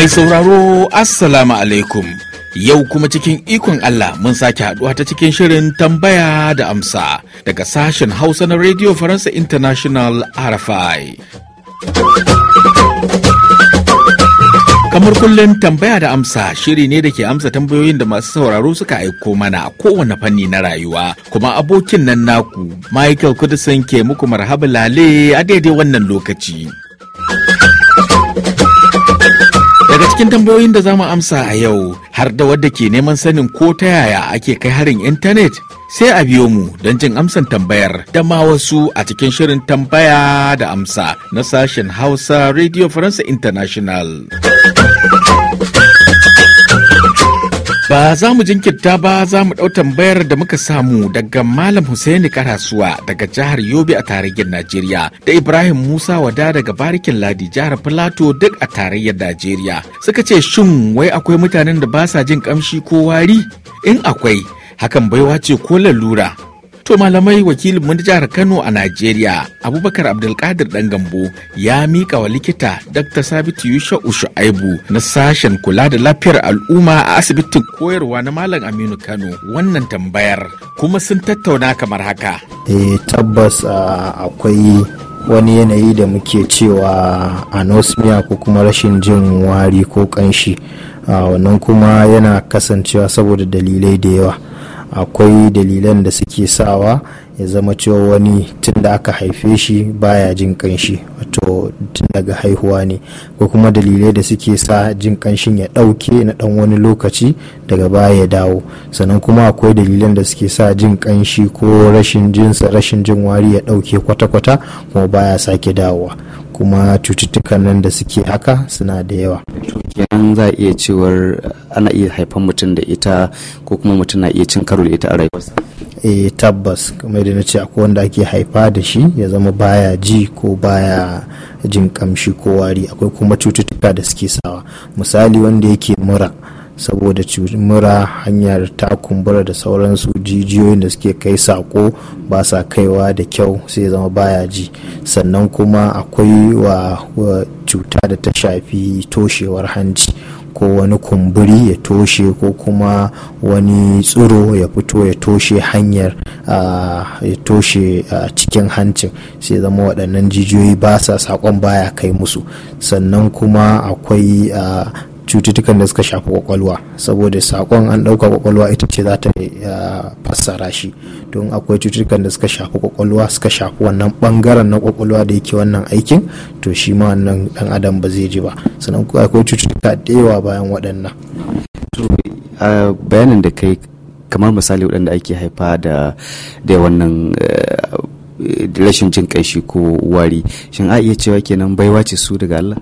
Mai sauraro Assalamu alaikum yau kuma cikin ikon Allah mun sake haɗuwa ta cikin shirin tambaya da amsa daga sashen Hausa na Radio Faransa International RFI. Kamar kullum tambaya da amsa shiri ne da ke amsa tambayoyin da masu sauraro suka aiko mana a kowane fanni na rayuwa kuma abokin nan naku Michael Kudisin ke muku marhaba lale a daidai wannan lokaci. Daga cikin tambayoyin da zamu amsa a yau har da wadda ke neman sanin ko ta yaya ake kai harin intanet sai a biyo mu don jin amsan tambayar da ma wasu a cikin shirin tambaya da amsa na sashen Hausa Radio France International. Ba za mu jinkirta ba za mu ɗau tambayar da muka samu daga Malam Hussaini Karasuwa daga jihar Yobe a tarayyar Najeriya da Ibrahim Musa Wada daga Barikin Ladi jihar Filato duk a tarayyar Najeriya. Suka ce shin wai akwai mutanen da ba sa jin kamshi ko wari? In akwai, hakan baiwa ce ko lalura. To malamai wakilin mun jihar Kano a Najeriya, Abubakar Abdulkadir dan Gambo ya mika wa likita Dr. Sabitu Yusha'u ushuaibu na sashen kula da lafiyar al'umma a asibitin koyarwa na Malam Aminu Kano wannan tambayar kuma sun tattauna kamar haka. Eh tabbas akwai wani yanayi da muke cewa anosmia ko kuma rashin jin wari ko kanshi wannan kuma yana kasancewa saboda dalilai da yawa. akwai dalilan da suke sawa ya zama cewa wani tun da aka haife shi baya jin kanshi wato tun daga haihuwa ne ko kuma dalilai da suke sa jin kanshin ya ɗauke na ɗan wani lokaci daga baya ya dawo sannan kuma akwai dalilan da suke sa jin kanshi ko rashin jinsa rashin jin wari ya ɗauke kwata-kwata kuma baya sake dawowa kuma cututtukan nan da suke haka suna da yawa kenan za a iya cewar ana iya haifan mutum da ita ko kuma mutum na iya cin karo da ita a rayuwarsa e tabbas kamar da na ce akwai wanda ake haifa da shi ya zama baya ji ko baya jin kamshi ko wari akwai kuma cututtuka da suke sawa misali wanda yake mura saboda mura hanyar ta kumbura da sauransu jijiyoyin da suke kai sako ba sa kaiwa da kyau sai zama baya ji sannan kuma akwai wa cuta da ta shafi toshewar hanci ko wani kumburi ya toshe ko kuma wani tsiro ya fito ya toshe hanyar ya toshe cikin hancin sai zama waɗannan jijiyoyi ba sa saƙon baya kai musu sannan kuma akwai cututtukan da suka shafi kwakwalwa saboda sakon an ɗauka kwakwalwa ita ce za ta fassara shi don akwai cututtukan da suka shafi kwakwalwa suka shafi wannan bangaren na kwakwalwa da yake wannan aikin to shi ma wannan dan adam ba zai ji ba sannan akwai cututtuka da yawa bayan waɗannan bayanin da kai kamar misali waɗanda ake haifa da da wannan eh, rashin jin ƙanshi ko wari shin a iya cewa kenan baiwa ce su daga Allah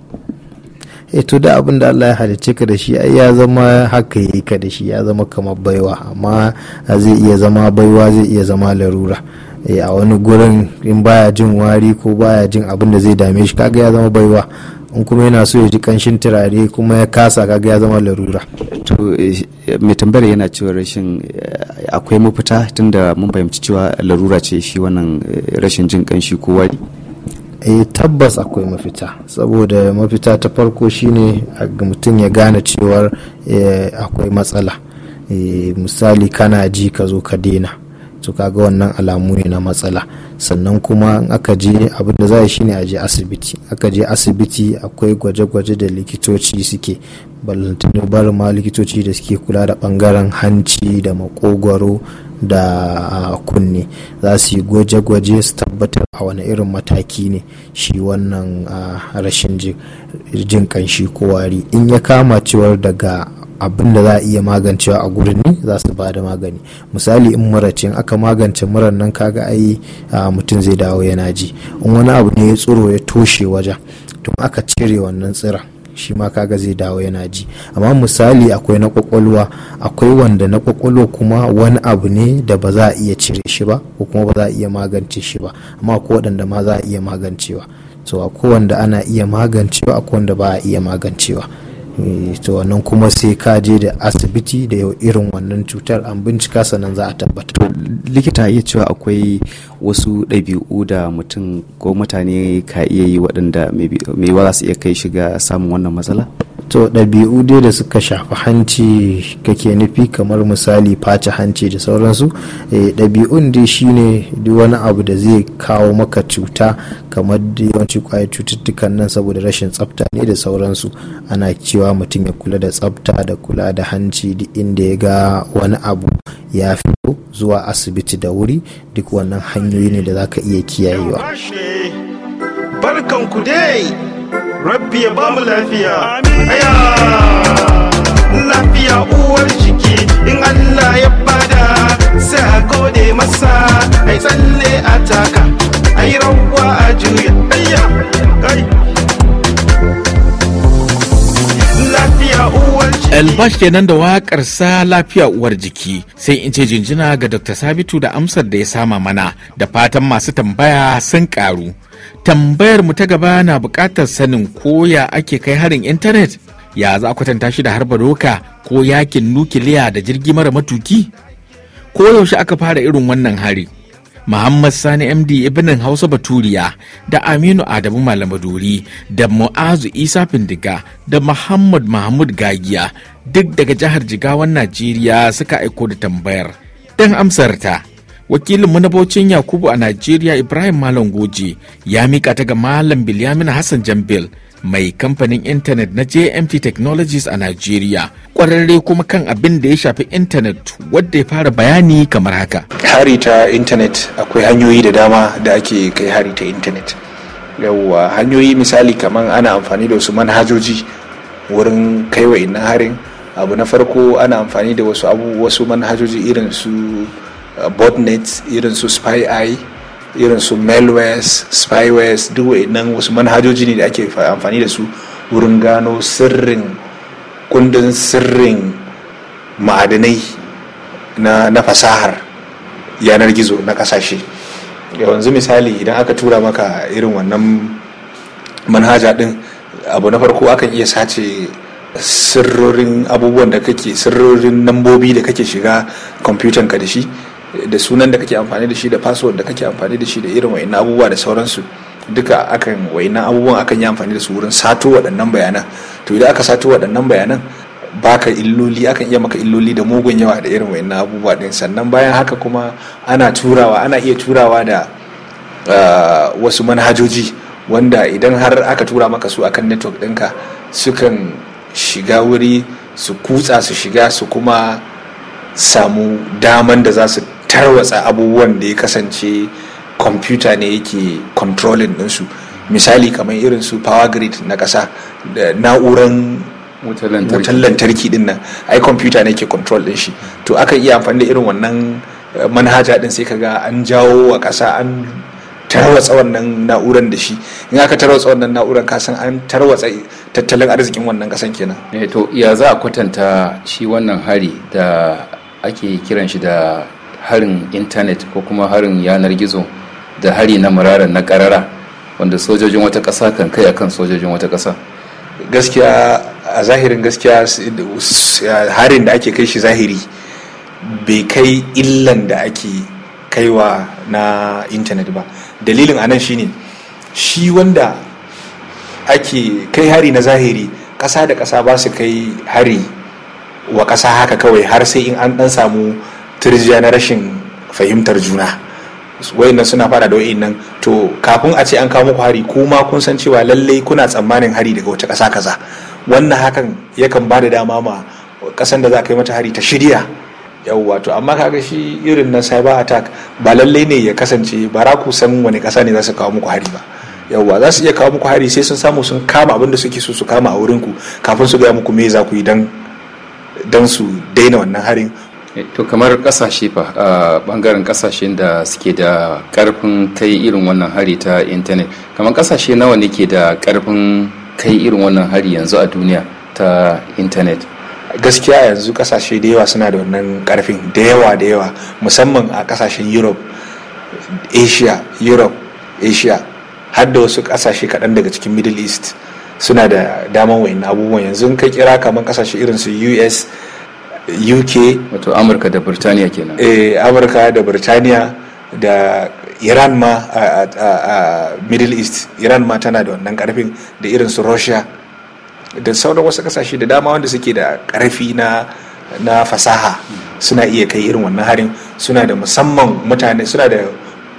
e to da abin da Allah ya halicce ka da shi ya zama haka yi ka da shi ya zama kamar baiwa amma zai iya zama baiwa zai iya zama larura eh, a wani gurin in baya jin wari ko baya jin abin da zai dame shi kaga ya zama baiwa in kuma yana so ya ji kanshin turare kuma ya kasa kaga ya zama larura to eh, mai tambayar yana cewa rashin akwai mafita tunda mun fahimci cewa larura ce shi wannan rashin jin kanshi ko wari eh tabbas akwai mafita saboda mafita ta farko shine mutum ya gane cewar eh, akwai matsala eh, misali kana ji ka zo ka daina to kaga wannan alamu ne na matsala sannan kuma aka je abin da za a shine a asibiti aka je asibiti akwai gwaje-gwaje da likitoci suke ballantano barin ma likitoci da suke kula da bangaren hanci da makogwaro da ah, kunne za su yi gwaje-gwaje su tabbatar a wani irin mataki ne shi wannan ah, rashin jin kanshi ko wari in ya kama cewar daga abin da za a iya magancewa a gurin ne za su ba da magani misali in mura aka magance murar nan kaga ai ah, mutum zai dawo yana ji in wani abu ne ya tsoro ya toshe wajen tun aka cire wannan tsira. shi ma kaga zai dawo yana ji amma misali akwai na kwakwalwa akwai wanda na kwakwalwa kuma wani abu ne da ba za a iya cire shi ba ko kuma ba za a iya magance shi ba amma ko waɗanda ma za a iya magancewa to akwai wanda ana iya magancewa akwai wanda ba a iya magancewa Eh, to wannan kuma sai ka je da asibiti da yau irin wannan cutar an bincika sannan za a tabbata likita iya cewa akwai wasu ɗabi'u da mutum ko mutane ka iya yi waɗanda mai wara su iya kai shiga samun wannan matsala to ɗabi'u dai da suka shafi hanci kake nufi kamar misali face hanci da sauransu eh, ɗabi'un dai shine duk wani abu da zai kawo maka cuta kamar yawanci kwayar cututtukan nan saboda rashin tsafta ne da sauransu ana cewa mutum ya kula da tsafta da kula da hanci duk inda ya ga wani abu ya fito zuwa asibiti da wuri duk wannan hanyoyi ne da za ka iya kiyayewa. rabbi ya bamu lafiya aya lafiya uwar jiki in allah ya bada sai a gode masa ai tsalle a taka ai rawa a juya aya kai Elbash kenan da sa lafiya uwar jiki sai in ce jinjina ga Dr. Sabitu da amsar da ya sama mana da fatan masu tambaya sun ƙaru. tambayar mu ta gaba na buƙatar sanin koya ake kai harin intanet ya za ku kwatanta shi da harba doka ko yakin nukiliya da jirgi mara matuki ko yaushe aka fara irin wannan hari Muhammad Sani MD Ibnin Hausa Baturiya da Aminu Adamu malamaduri da Mu'azu Isa Findiga da Muhammad Mahmud Gagiya duk daga jihar Jigawan Najeriya suka aiko da tambayar. Don amsarta wakilin manabocin yakubu a najeriya ibrahim malam goji ya mika ta ga malam bilyamin hassan jambil mai kamfanin intanet na jmt technologies a najeriya kwararre kuma kan abin da ya shafi intanet wadda ya fara bayani kamar haka hari ta intanet akwai hanyoyi da dama da ake kai hari ta intanet yawwa hanyoyi misali kamar ana amfani da wasu manhajoji wurin kai wa harin abu na farko ana amfani da wasu abu wasu manhajoji irin su botnets irin su spy eye irin su malwares spywares duk nan wasu manhajoji ne da ake amfani da su wurin gano sirrin kundin sirrin ma'adinai na, fasahar yanar gizo na kasashe yanzu misali idan aka tura maka irin wannan manhaja din abu na farko akan iya sace sirrorin abubuwan da kake sirrorin nambobi da kake shiga ka da shi da sunan da kake amfani da shi da password da kake amfani da shi da irin wa'in abubuwa da sauransu duka akan wa'in abubuwan akan yi amfani da su wurin sato waɗannan bayanan to idan aka sato waɗannan bayanan baka illoli akan iya maka illoli da mugun yawa da irin wa'in abubuwa din sannan bayan haka kuma ana turawa ana iya turawa da ah, wasu manhajoji wanda idan har aka tura maka su akan network ɗinka sukan shiga wuri su kutsa su shiga su kuma samu daman da za su tarwatsa abubuwan da ya kasance kwamfuta ne yake controlling ɗinsu misali kamar irin su power grid na ƙasa da na'uran wutar lantarki din nan ai kwamfuta ne ke control ɗin shi to aka iya amfani da irin wannan eh, manhaja ɗin sai kaga an jawo wa ƙasa an tarwatsa wannan na'uran da shi in aka tarwatsa wannan na'uran kasan an tarwatsa tattalin arzikin wannan kasan kenan eh, to ya za a kwatanta shi wannan hari da ake kiran shi da harin intanet ko kuma harin yanar gizo da hari na murara na karara wanda sojojin wata ƙasa kan kai akan sojojin wata ƙasa gaskiya a zahirin gaskiya harin da ake kai shi zahiri bai kai illan da ake kaiwa na intanet ba dalilin anan shine shi wanda ake kai hari na zahiri ƙasa da ƙasa ba su kai hari wa ƙasa haka kawai har sai in an dan samu turjiya na rashin fahimtar juna nan suna fara da nan. to kafin a ce an kawo muku hari kuma kun san cewa lallai kuna tsammanin hari daga wata ƙasa kaza wannan hakan yakan ba da dama ma ƙasan da za ka yi mata hari ta shirya yawwa to amma kaga shi irin na cyber attack ba lallai ne ya kasance ba ra ku san wani ƙasa ne za su kawo muku hari ba yawwa za su iya kawo muku hari sai sun samu sun kama abin da suke so su kama a wurin ku kafin su gaya muku me za ku yi dan dan su daina wannan harin Eh, to kamar kasashe fa a bangaren kasashen da suke da karfin kai irin wannan hari ta intanet kamar kasashe nawa ne ke da karfin kai irin wannan hari yanzu a duniya ta intanet gaskiya yanzu kasashe da yawa suna da wannan karfin da yawa da yawa musamman a kasashen europe asia europe asia har da wasu kasashe kaɗan daga cikin middle east suna da daman wayan abubuwan yanzu kai kira kamar kasashe irin su us uk wato amurka da burtaniya kenan eh amurka da burtaniya da iran ma a middle east iran ma tana da wannan karfin da irin su russia da sauran wasu kasashe da dama wanda suke da karfi na na fasaha suna iya kai irin wannan harin suna da musamman mutane suna da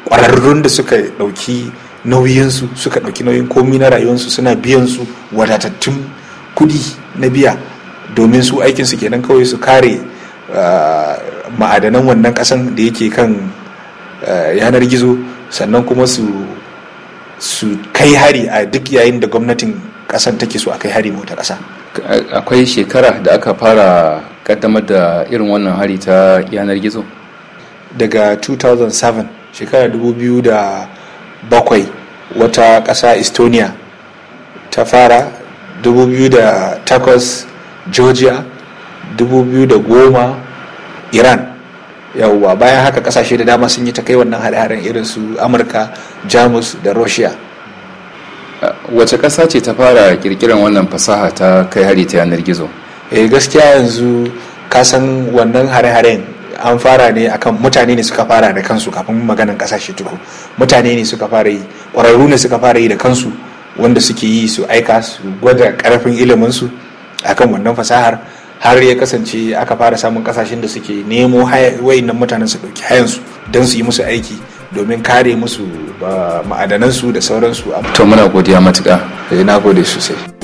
kwararrun da suka dauki nauyinsu suka dauki nauyin komi na rayuwarsu suna biyan su wadatattun kudi na biya domin su aikinsu kenan kawai su kare ah, ma'adanan wannan kasan da yake kan ah, yanar gizo sannan kuma su kai hari a duk yayin da gwamnatin kasan take so a kai hari mota kasa akwai shekara da aka fara kaddamar da irin wannan hari ta yanar gizo daga 2007 shekara 2007 wata ƙasa estonia ta fara 2008 georgia 2010 iran yawwa bayan haka kasashe da dama sun yi ta kai wannan hare-haren irin su amurka jamus da russia uh, wace ƙasa ce ta fara kirkiran wannan fasaha ta kai hari ta yanar gizo eh gaskiya yanzu kasan wannan hare-haren an fara ne akan mutane ne suka fara da kansu kafin maganan kasashe tuku mutane ne suka fara yi ƙwararru ne suka fara yi da kansu wanda suke yi su aika su gwada ƙarfin ilimin su a kan wannan fasahar har ya kasance aka fara samun kasashen da suke nemo wayannan mutanen su ɗauki hayansu don su yi musu aiki domin kare musu ma'adanansu da sauransu to muna godiya matuƙa eh, na gode sosai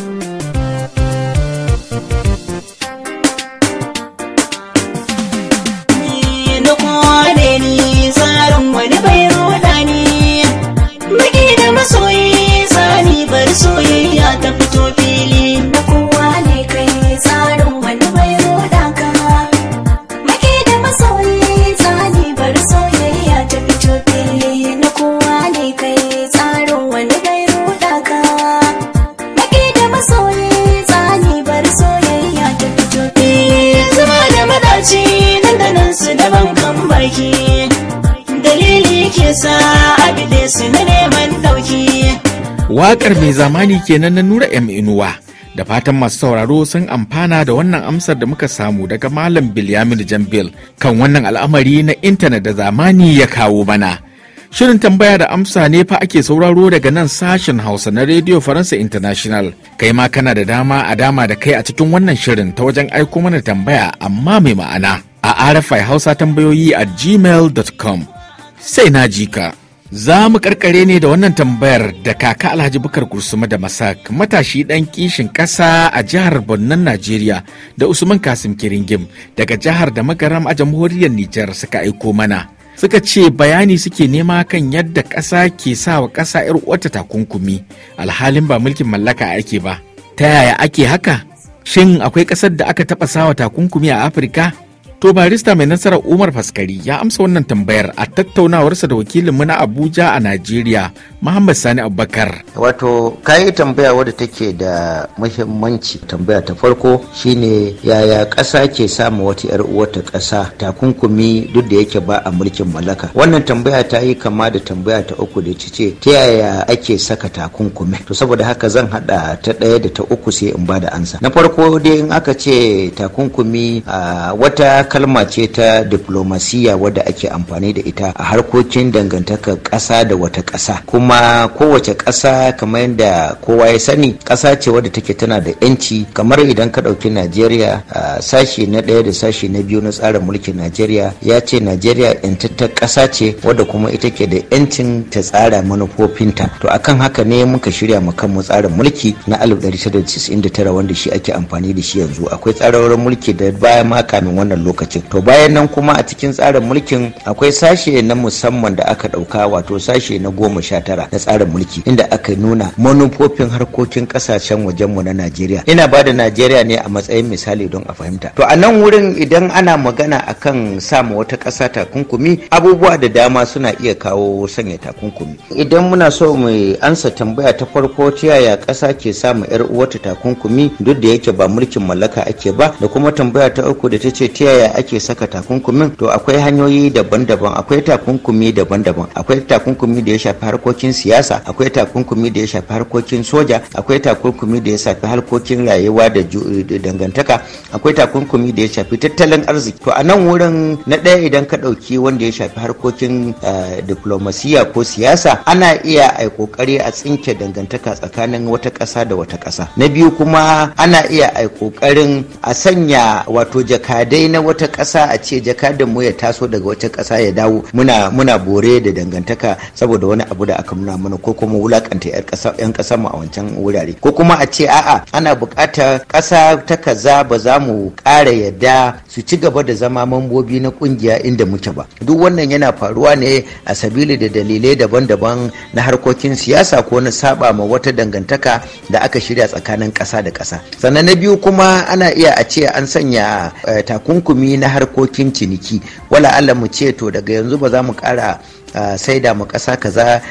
Waƙar mai zamani kenan na Nura M Inuwa. Da fatan masu sauraro sun amfana da wannan amsar da muka samu daga Malam Bilyamin Jambil kan wannan al'amari na intanet da zamani ya kawo mana. Shirin tambaya da amsa ne fa ake sauraro daga nan sashen Hausa na Radio Faransa International. Kai ma kana da dama a dama da kai a cikin wannan shirin ta wajen aiko mana tambaya amma mai ma'ana a rfi Hausa tambayoyi a gmail.com. Sai na jika. Za mu karkare ne da wannan tambayar da kaka Alhaji Bukar Gursuma da Masak matashi ɗan kishin ƙasa a jihar Bonnan Najeriya da Usman Kasim Kiringim daga jihar da magaram a jamhuriyar Nijar suka aiko mana. Suka ce bayani suke nema kan yadda ƙasa ke sa wa ƙasa 'yar uwarta takunkumi alhalin ba mulkin mallaka ake ba. Ta yaya ake haka? Shin akwai ƙasar da aka taɓa sawa takunkumi a Afirka? To barista mai nasarar Umar Faskari ya amsa wannan tambayar a tattaunawarsa da wakilinmu na Abuja a Najeriya Muhammad Sani Abubakar. Wato kayi tambaya wadda take da muhimmanci tambaya ta farko shine yaya ƙasa ke samu wata 'yar uwata ƙasa takunkumi duk da yake ba a mulkin mallaka. Wannan tambaya ta yi kama da tambaya ta uku da ta ce ta yaya ake saka takunkumi. To saboda haka zan haɗa ta ɗaya da ta uku sai in ba da ansa. Na farko dai in aka ce takunkumi a wata kalma ce ta diplomasiya wadda ake amfani da ita a harkokin dangantakar ƙasa da wata ƙasa kuma kuma kowace ƙasa kamar yadda kowa ya sani ƙasa ce wadda take tana da 'yanci kamar idan ka ɗauki najeriya sashi na ɗaya da sashi na biyu na tsarin mulkin najeriya ya ce najeriya 'yantattar ƙasa ce wadda kuma ita ke da 'yancin ta tsara manufofinta to akan haka ne muka shirya mu kanmu tsarin mulki na 1999 wanda shi ake amfani da shi yanzu akwai tsararren mulki da baya ma kamin wannan lokacin to bayan nan kuma a cikin tsarin mulkin akwai sashe na musamman da aka ɗauka wato sashe na goma sha tara na tsarin mulki inda aka nuna manufofin harkokin kasashen mu na Najeriya ina ba da Najeriya ne a matsayin misali don a fahimta to a nan wurin idan ana magana akan ma wata ƙasa takunkumi abubuwa da dama suna iya kawo sanya takunkumi idan muna so mu ansa tambaya ta farko ta yaya ƙasa ke sa samu yar uwata takunkumi duk da yake ba mulkin mallaka ake ba da kuma tambaya ta uku da ta ce ta yaya ake saka takunkumin to akwai hanyoyi daban-daban akwai takunkumi daban-daban akwai takunkumi da ya shafi harkokin harkokin siyasa akwai takunkumi da ya shafi harkokin soja akwai takunkumi da ya shafi harkokin rayuwa da dangantaka akwai takunkumi da ya shafi tattalin arziki to a nan wurin na ɗaya idan ka ɗauki wanda ya shafi harkokin eh, diplomasiya ko siyasa ana iya a kokari a tsinke dangantaka tsakanin wata ƙasa da wata ƙasa na biyu kuma ana iya a kokarin a sanya wato jakadai na wata ƙasa a ce jakadan mu ya taso daga wata ƙasa ya dawo muna muna bore da dangantaka saboda wani abu da aka kamuna mana ko kuma wulakanta yan kasar mu a wancan wurare ko kuma a ce a'a ana buƙatar ƙasa ta kaza ba za mu ƙara yadda su ci gaba da zama mambobi na kungiya inda muke ba duk wannan yana faruwa ne a sabili da dalilai daban-daban na harkokin siyasa ko na saba ma wata dangantaka da aka shirya tsakanin ƙasa da ƙasa sannan na biyu kuma ana iya a ce an sanya eh, takunkumi na harkokin ciniki wala Allah mu ce to daga yanzu ba za mu ƙara sai da mu ƙasa kaza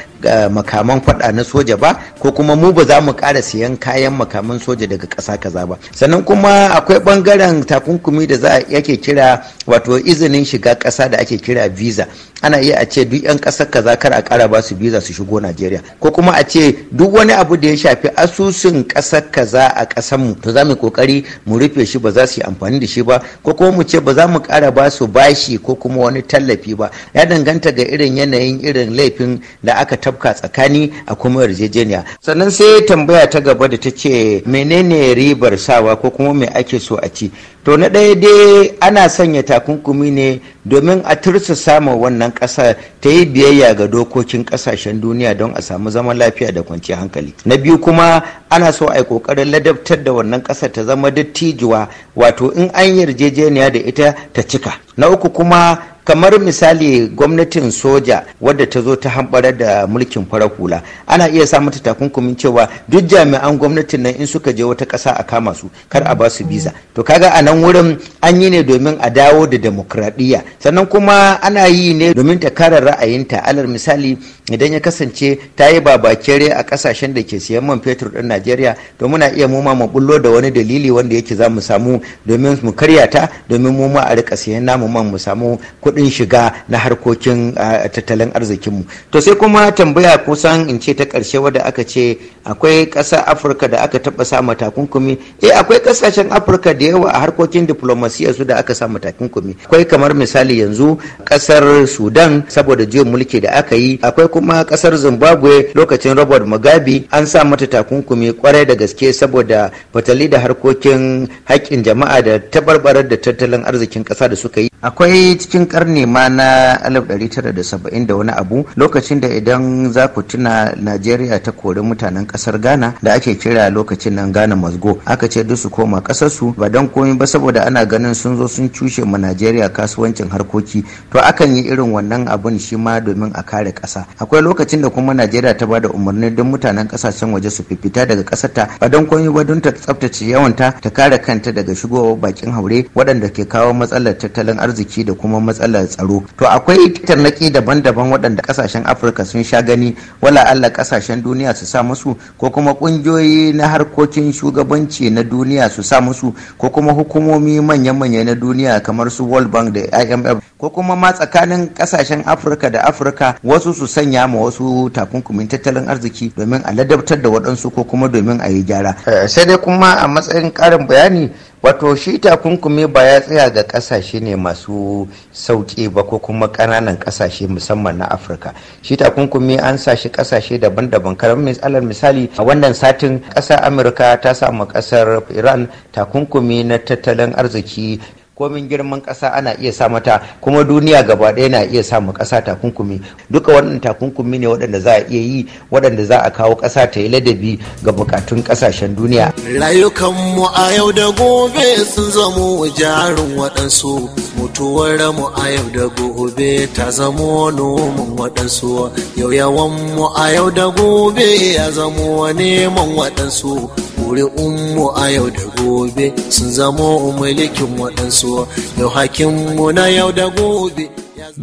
makaman faɗa na soja ba ko kuma mu ba za mu ƙara siyan kayan makaman soja daga ƙasa kaza ba sannan kuma akwai ɓangaren takunkumi da za a yake kira wato izinin shiga ƙasa da ake kira visa ana iya a ce duk 'yan ƙasar kaza kar a ƙara ba su visa su shigo najeriya ko kuma a ce duk wani abu da ya shafi asusun ƙasar kaza a ƙasar mu to za mu kokari mu rufe shi ba za su yi amfani da shi ba ko kuma mu ce ba za mu ƙara ba su bashi ko kuma wani tallafi ba ya danganta ga irin yanayin yanayin irin laifin da aka tafka tsakani a kuma yarjejeniya sannan sai tambaya ta gaba da ta ce menene ribar sawa ko kuma me ake so a ci to na ɗaya dai ana sanya takunkumi ne domin a tursa samun wannan ƙasa ta yi biyayya ga dokokin ƙasashen duniya don a samu zaman lafiya da kwanciyar hankali na biyu kuma ana so a yi ƙoƙarin ladabtar da wannan ƙasa ta zama dattijuwa wato in an yarjejeniya da ita ta cika na uku kuma kamar misali gwamnatin soja wadda ta zo ta hanɓara da mulkin farar hula ana iya sa mata takunkumin cewa duk jami'an gwamnatin nan in suka je wata ƙasa a kama su kar a ba su biza to kaga a wannan wurin an yi ne domin a dawo da demokradiyya sannan kuma ana yi ne domin ta kare ra'ayinta alal misali idan ya kasance ta yi babakere a kasashen da ke siyan man fetur din najeriya to muna iya muma mu bullo da wani dalili wanda yake za mu samu domin mu karya ta domin mu ma a rika siyan namu man mu samu kuɗin shiga na harkokin tattalin arzikinmu to sai kuma tambaya kusan in ce ta ƙarshe wadda aka ce akwai ƙasa afirka da aka taɓa sa takunkumi eh akwai ƙasashen afirka da yawa a harkokin harkokin diplomasiya su da aka sa matakin takunkumi akwai kamar misali yanzu kasar sudan saboda juyin mulki da aka yi akwai kuma kasar zimbabwe lokacin robert mugabe an sa mata takunkumi kwarai da gaske saboda fatali da harkokin haƙƙin jama'a da tabarbarar da tattalin arzikin ƙasa da suka yi akwai cikin karni ma na 1970 da wani abu lokacin da idan za ku tuna najeriya ta kori mutanen kasar ghana da ake kira lokacin nan ghana mazgo aka ce duk su koma kasar su ba don komi ba saboda ana ganin sun zo sun cushe ma najeriya kasuwancin harkoki to akan yi irin wannan abun shi ma domin a kare kasa akwai lokacin da kuma najeriya ta bada umarni don mutanen kasashen waje su fifita daga kasar ta ba don komi ba don ta tsaftace yawanta ta kare kanta daga shigowa bakin haure waɗanda ke kawo matsalar tattalin arziki arziki da kuma matsalar tsaro to akwai tarnaki daban-daban waɗanda kasashen afirka sun sha gani wala allah kasashen duniya su sa musu ko kuma ƙungiyoyi na harkokin shugabanci na duniya su sa musu ko kuma hukumomi manya-manya na duniya kamar su world bank da imf ko kuma ma tsakanin kasashen afirka da afirka wasu su sanya ma wasu takunkumin tattalin arziki domin a ladabtar da waɗansu ko kuma domin a yi gyara eh, sai dai kuma a matsayin ƙarin bayani wato shi takunkumi ba ya tsaya ga kasashe ne masu sauki ba ko kuma kananan kasashe musamman na afirka shi takunkumi an sa shi kasashe daban-daban karamin misalar misali a wannan satin ƙasar amurka ta samu kasar iran takunkumi na tattalin arziki komin girman ƙasa ana iya sa mata kuma duniya gaba ɗaya na iya sa ƙasa takunkumi duka waɗannan takunkumi ne waɗanda za a iya yi waɗanda za a kawo ƙasa ta yi ladabi ga bukatun ƙasashen duniya. rayukanmu a yau da gobe sun zamo jarin waɗansu mutuwar mu a yau da gobe ta zamo noman waɗansu yau yawan mu a yau da gobe ya zamo neman waɗansu mu a yau da gobe sun zamo mulkin waɗansu yau hakinmu na yau da gobe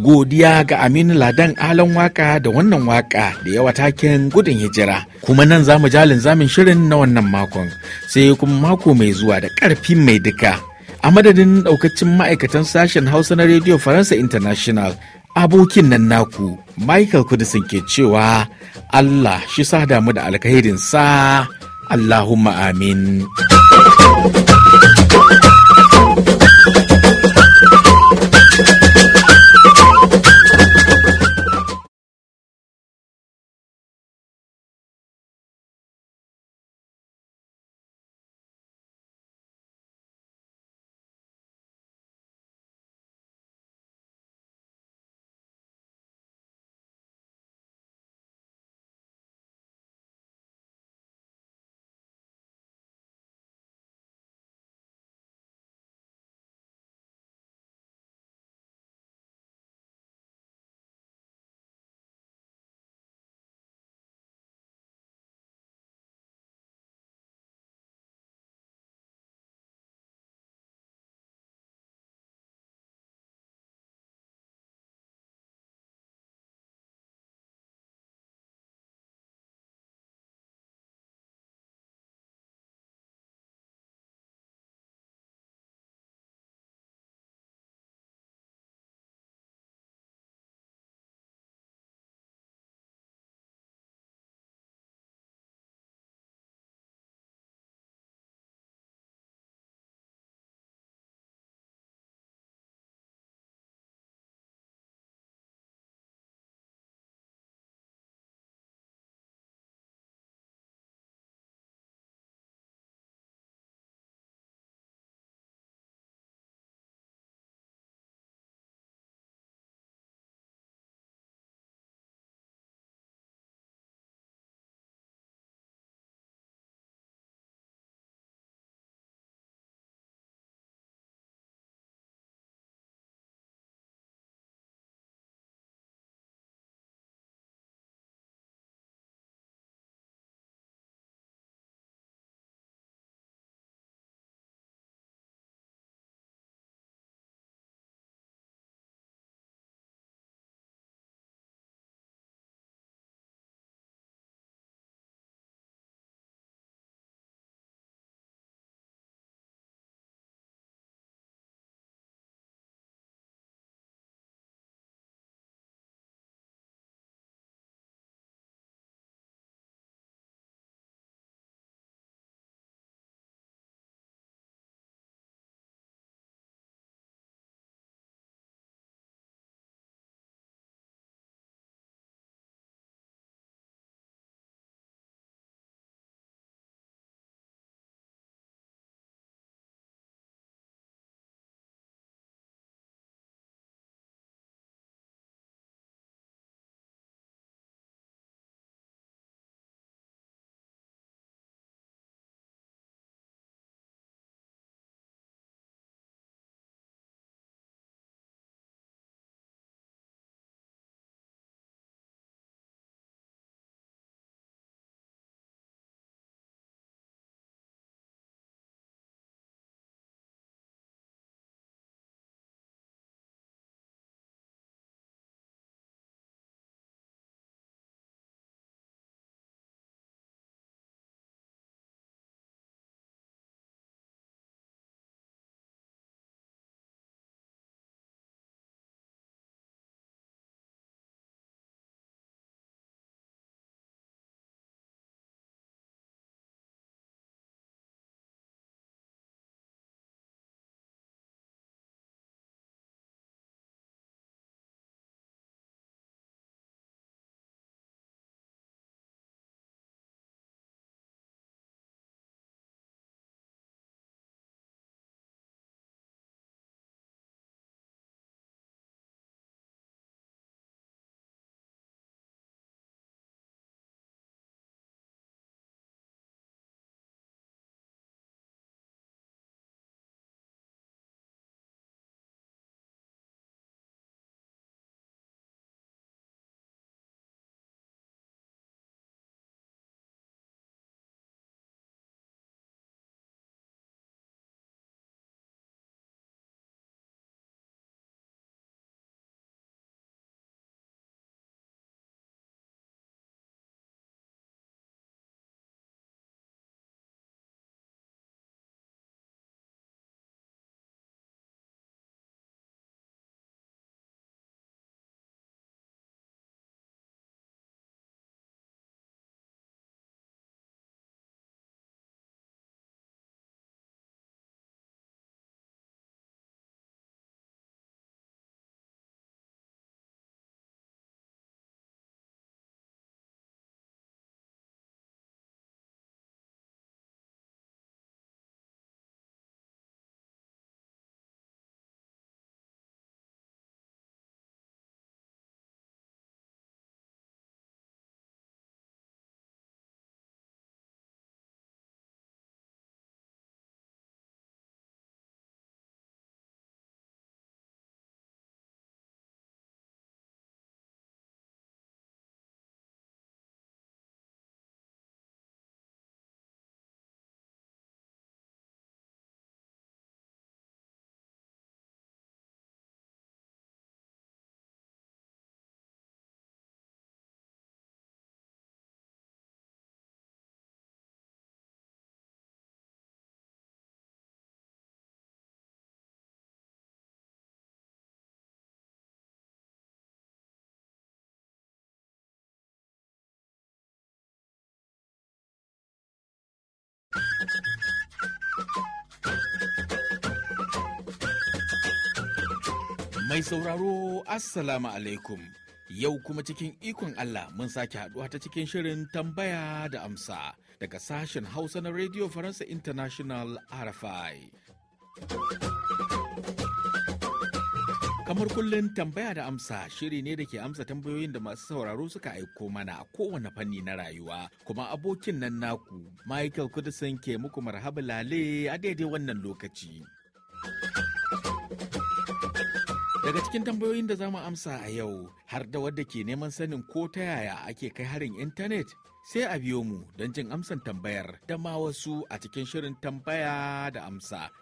godiya ga aminu ladan alan waka da wannan waka da yawa taken gudun hijira kuma nan za mu jalin zamin shirin na wannan makon sai kuma mako mai zuwa da ƙarfi mai duka a madadin daukacin ma'aikatan sashen hausa na radio faransa international abokin nan naku michael kudisin ke cewa allah shi sa damu da sa اللهم امين Mai sauraro Assalamu alaikum yau kuma cikin ikon Allah mun sake haduwa ta cikin shirin tambaya da amsa daga sashen Hausa na Radio Faransa International RFI. Kamar kullum tambaya da amsa shiri ne da ke amsa tambayoyin da masu sauraro suka aiko mana a kowane fanni na rayuwa kuma abokin nan naku Michael Kudusin ke muku marhaba lale a daidai wannan lokaci. Daga cikin tambayoyin da za mu amsa a yau har da wadda ke neman sanin ko ta yaya ake kai harin intanet sai a biyo mu don jin amsan tambayar da ma wasu a cikin shirin tambaya da amsa